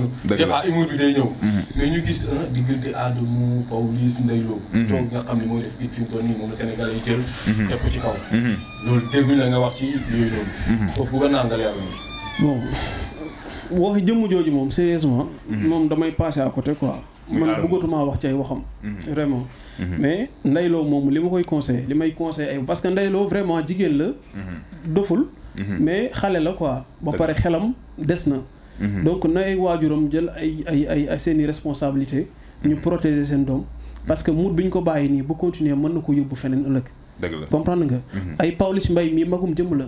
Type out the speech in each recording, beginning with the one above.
xam des fois bi day ñëw mhm. mais ñu gis diggante Adamo Pawlish Ndeye Lo coow mhm. nga xam ne mooy def it fi mu nii moom Sénégal yi jël mhm. teg ko ci kaw loolu dégguñ la nga wax ci yooyu loolu foofu bëgg naa nga leeral bon wax jëmm jooju moom sérieusement moom damay passé à côté quoi man bëggatuma wax ci ay waxam vraiment mais Ndeye Lo moom li ma koy conseil li may conseillé ay parce que ndayloo Lo vraiment jigéen la doful mais xale la quoi ba pare xelam des na Mhm. donc na ay waajuram jël ay ay ay ay seen responsabilité ñu mhm. protéger seen doom parce que muut bi ñu ko bàyyi nii bu continuer mën na ko yóbbu feneen ëllëg comprendre nga mhm. ay Pawlish mbay mii magum jëmm la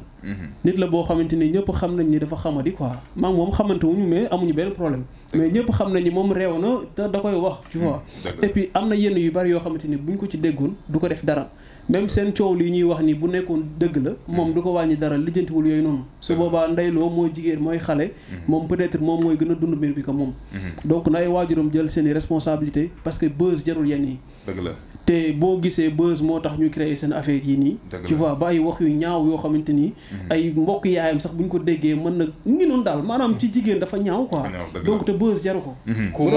nit la boo xamante ni ñëpp xam nañ ni dafa xamadi quoi maam moom xamante wuñu mais amuñu benn problème mais ñëpp xam nañ ni moom réew na te da koy wax tu et puis am na yenn yu bari yoo xamante ni buñ ko ci déggoon du ko def dara même seen coow li ñuy wax ni bu nekkoon dëgg la moom du ko wàññi dara lijjantiwul yooyu noonu su boobaa ndeyloo mooy jigéen mooy xale mhm. moom peut-être moom mooy gën a dund mbir bi ko moom mhm. donc na ay waajuram jël seen i responsabilité parce que buzz jarul yenn yi dëgg la te boo gisee buzz moo tax ñu créé seen affaire yi nii tu vois ba ay wax yu ñaaw yoo xamante nii mhm. ay mbokk yaayam sax bu ñu ko déggee mën na ngi noonu daal maanaam ci jigéen dafa ñaaw quoi te buzz jaru ko coup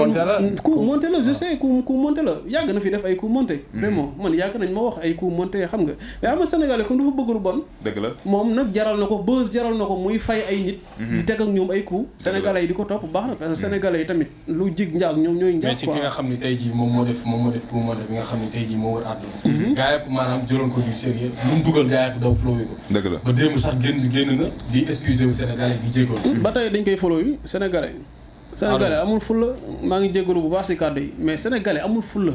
monté la je ah. sais coup monté na fi def ay coup monté vraiment man monté xam nga mais ama sénégalais comme dafa bëgg lu bon dëgg la moom nag jaral na ko bës jaral na ko muy fay ay nit mhm. di teg ak ñoom ay ku sénégalais yi di ko topp baax na parce que mhm. sénégalais yi tamit lu jig njaag ñoom ñooy njaag nga xam ne tey jii moom moo def moo def moom moo def nga xam ne tey jii moo wër àdduna mhm. gaa yëpp maanaam jëloon ko du sérieux lu mu dugal gaa yëpp daw flow ko dëgg la ba démb sax génn génn na di excusé wu sénégalais di jégalu ba tey dañ koy follow yi sénégalais sénégalais amul fulla maa ngi jégalu bu baax si kàddu yi mais sénégalais amul fulla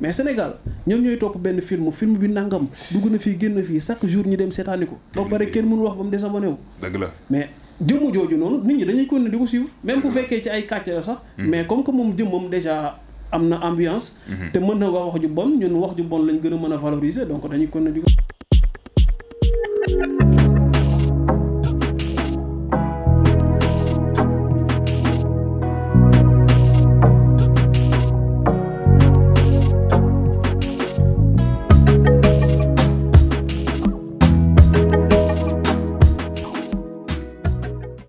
mais Sénégal ñoom ñooy topp benn film film bi nangam dugg na fii génn fii chaque jour ñu dem seetaani ko. ba pare kenn mënu wax ba mu désabonné wu. dëgg la mais jëmm jooju noonu nit ñi dañuy continuer di ko suivre. même bu fekkee ci ay kàcce la sax. Hmm. mais comme que moom jëmmam déjà am na ambiance. Hmm. te mën na wax wax ju bon ñun wax ju bon lañ gën a mën a valoriser donc dañuy continuer di ko.